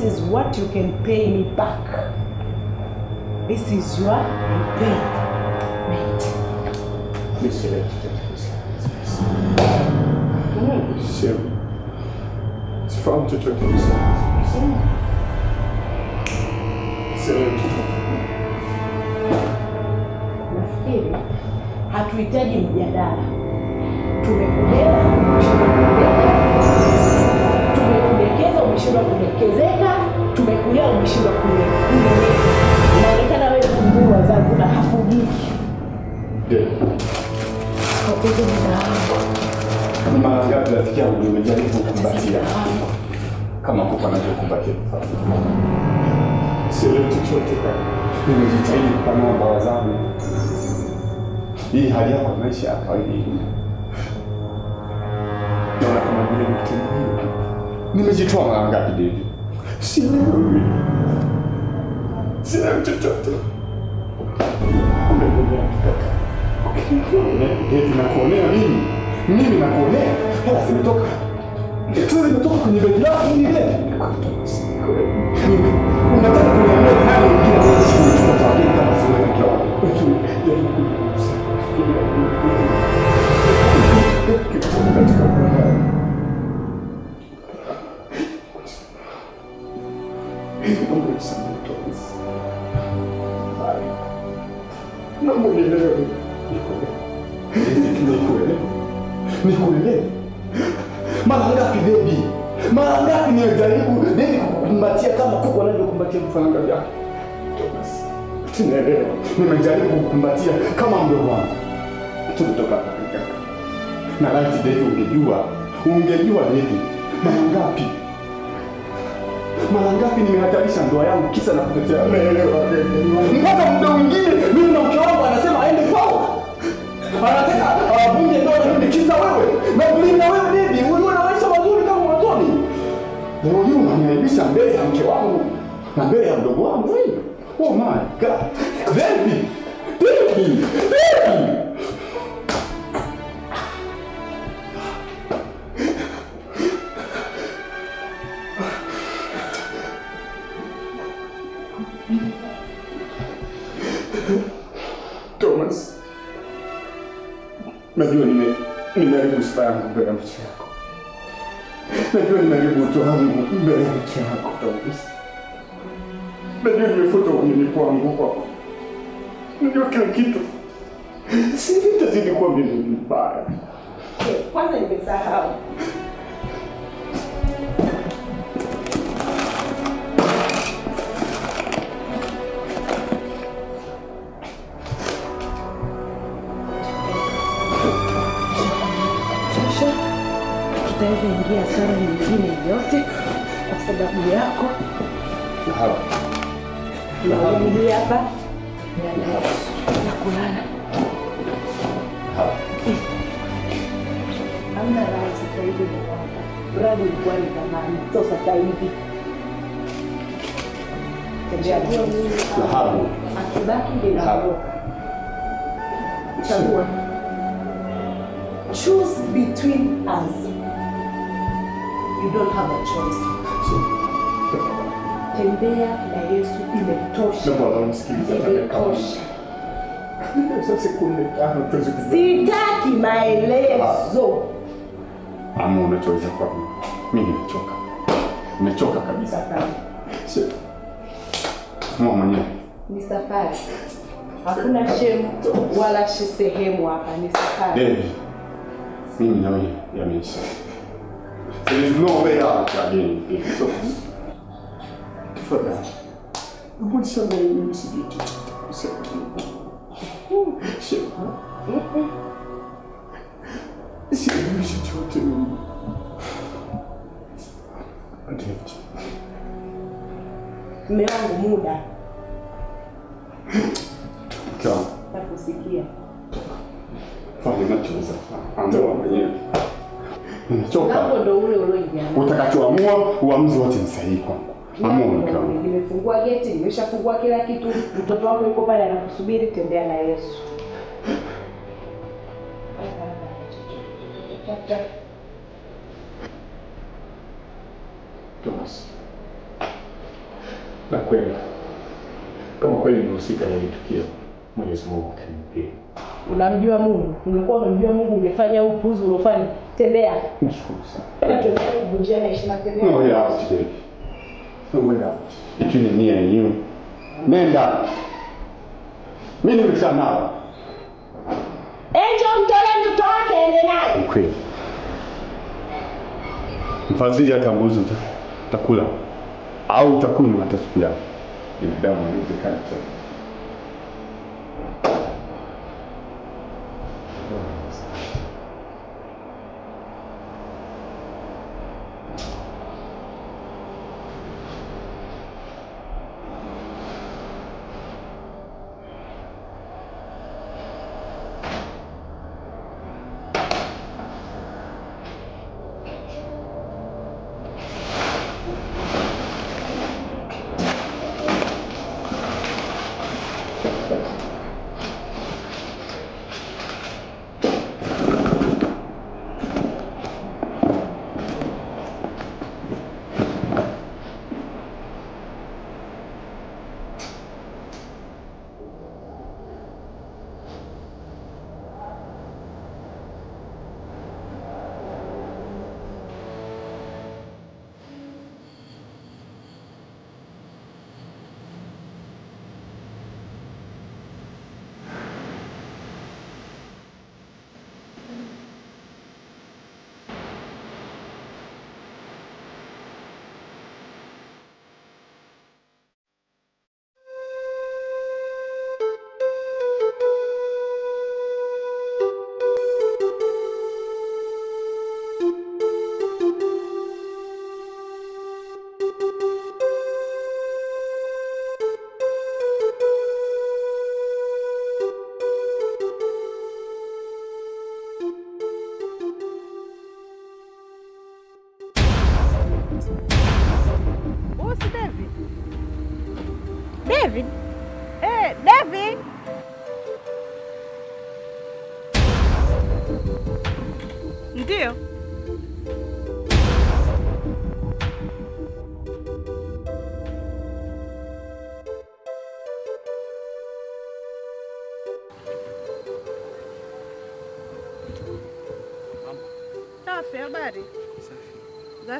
this is what you can pay me back. This is your repayment. Please sit down. Mm. Sarah, it's from to talk to you, Nafikiri hatuhitaji mjadala, tumekulewa umeshindwa kudokezeka, tumekulia umeshindwa kule kule, inaonekana wewe kumbuyu wazazi na hafugiki. Tatizo ni dhahabu. Mara ngapi rafiki yangu nimejaribu kukumbatia kama kuko anavyokumbatia sielewi chochote. Nimejitahidi kupanua mbawa zangu, hii hali yako maisha ya kawaida naona kama vile mtu mwingine Nimejitoa mara ngapi David? Sina wewe. chochote. Eti nakuonea mimi? Mimi nakuonea? Hela zimetoka. Sasa zimetoka kwenye begi lako mimi ile. Unataka kuniambia nani mwingine anayechukua kwa kama sio mke wangu? wanavyokumbatia vifaranga vyako. Tunaelewa, nimejaribu kukumbatia kama mdogo wangu. Tulitoka hapa na laiti Devi ungejua, ungejua Devi, mara ngapi mara ngapi nimehatarisha ndoa yangu kisa na kutetea unaelewa, mpaka muda mwingine mimi na mke wangu anasema aende kwao, anataka awabunge kabisa mbele ya mke wangu na mbele ya mdogo wangu. Oh my God, baby, baby, baby. Thomas, najua nimeharibu sifa yangu mbele ya macho yako. Najua nimeharibu utu wangu mbele ya mke wako Tausi. Najua nimefuta uaminifu wangu kwako. Najua kila kitu. Sisi nitazidi kuwa mimi mbaya. Kwanza nimesahau. haweza ingia sara nyingine yoyote kwa sababu yako. Nawaili hapa na kulala, hamna raha sasa hivi. Mradi ulikuwa ni zamani, sio sasa hivi. Akibaki ndio chagua, choose between us you don't have a choice. So, Tembea na Yesu imetosha. Imetosha. Sitaki maelezo. Ama unachoweza kwa mimi. Mimi nimechoka. Nimechoka kabisa. Mwa mwenyewe. Ni safari. Hakuna shemu wala sehemu hapa, ni safari. Mimi na wewe yameisha. Eles não veem Cadê? Fada, eu vou te chamar e me seguir. Você é Chega. Esse é o meu jeito de outro mundo. Adiante. Meu muda. utakachoamua uamuzi wote ni sahihi kwangu. Amua mke wangu. Nimefungua geti, nimeshafungua kila kitu. Mtoto wako yuko pale anakusubiri, tembea na Yesu. Thomas. Na kweli. Kama kweli unahusika na tukio, Mwenyezi Mungu akinipie unamjua Mungu, ulikuwa unamjua Mungu, umefanya upuzu unafanya tembea. Oh, tembea. Nenda. Mimi nao. mtole mtoto wake ende naye. Kweli. Mfadhili utakula au utakunywa hata siku yako. Ni damu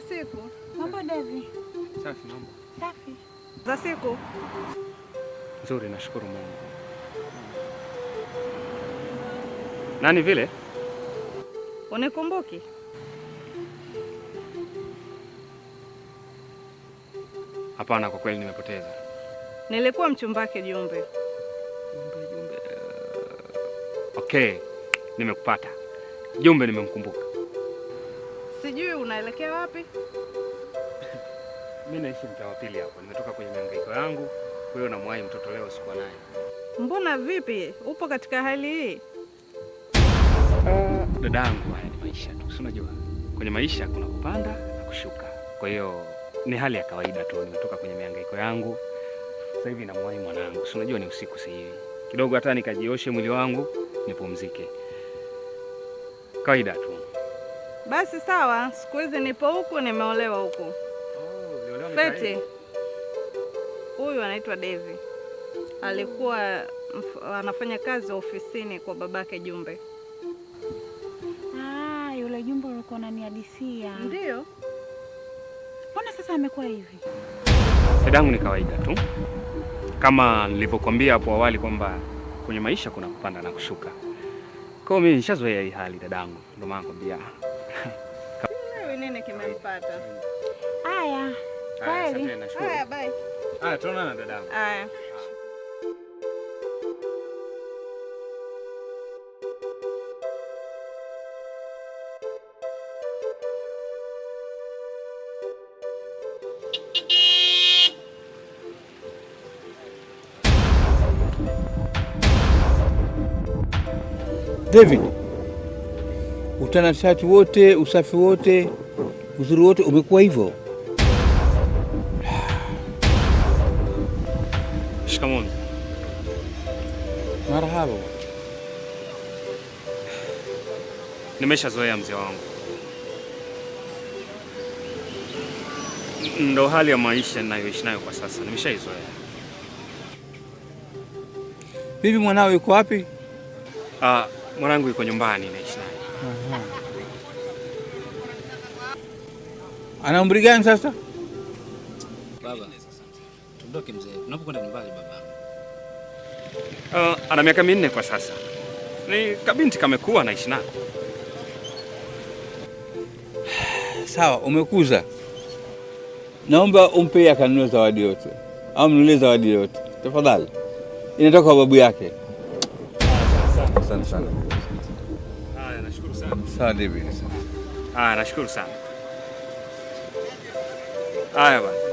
za siku. Mambo Devi? Safi. Mambo safi. Za siku nzuri, nashukuru Mungu. Nani vile unikumbuki? Hapana, kwa kweli nimepoteza. Nilikuwa mchumbake wake Jumbe. Jumbe, Jumbe. Okay, nimekupata Jumbe, nimemkumbuka unaelekea wapi? Mimi naishi mtaa wa pili hapo, nimetoka kwenye mihangaiko yangu, kwa hiyo namwahi mtoto leo sikuwa naye. Mbona vipi, upo katika hali hii? Uh, dadangu, haya ni maisha tu, si unajua kwenye maisha kuna kupanda na kushuka, kwa hiyo ni hali ya kawaida tu. Nimetoka kwenye mihangaiko yangu, sasa hivi namwahi mwanangu, si unajua ni usiku sasa hivi, kidogo hata nikajioshe mwili wangu nipumzike, kawaida tu. Basi sawa, siku hizi nipo huku, nimeolewa huku. Oh, Fete huyu anaitwa Devi, alikuwa anafanya kazi ofisini kwa babake Jumbe. Ah, yule Jumbe alikuwa unanihadisia? Ndio. Mbona sasa amekuwa hivi? Dadangu, ni kawaida tu, kama nilivyokuambia hapo awali kwamba kwenye maisha kuna kupanda na kushuka. Kwa hiyo mimi nishazoea hii hali dadangu, ndio maana nakwambia kingine kimempata. Haya, kweli. Haya, bye. Haya, tuonana dadamu. Haya. David, utanashati wote, usafi wote Uzuri wote umekuwa hivyo. Shikamoo. Marhaba. Nimeshazoea mzee wangu, ndo hali ya maisha ninayoishi nayo kwa sasa, nimeshaizoea. Bibi mwanao yuko wapi? Ah, mwanangu yuko nyumbani, naishi naye. ana umri gani sasa? Baba, tundoke mzee. Tunapokwenda nyumbani baba. Uh, ana miaka minne kwa sasa. Ni kabinti kamekuwa anaishi nako. Sawa, umekuza. Naomba umpe akanunue zawadi yote au mnunulie zawadi yote tafadhali, inatoka kwa babu yake. Asante sana. Haya, nashukuru sana. Sawa, David. Haya, nashukuru sana. 哎呀！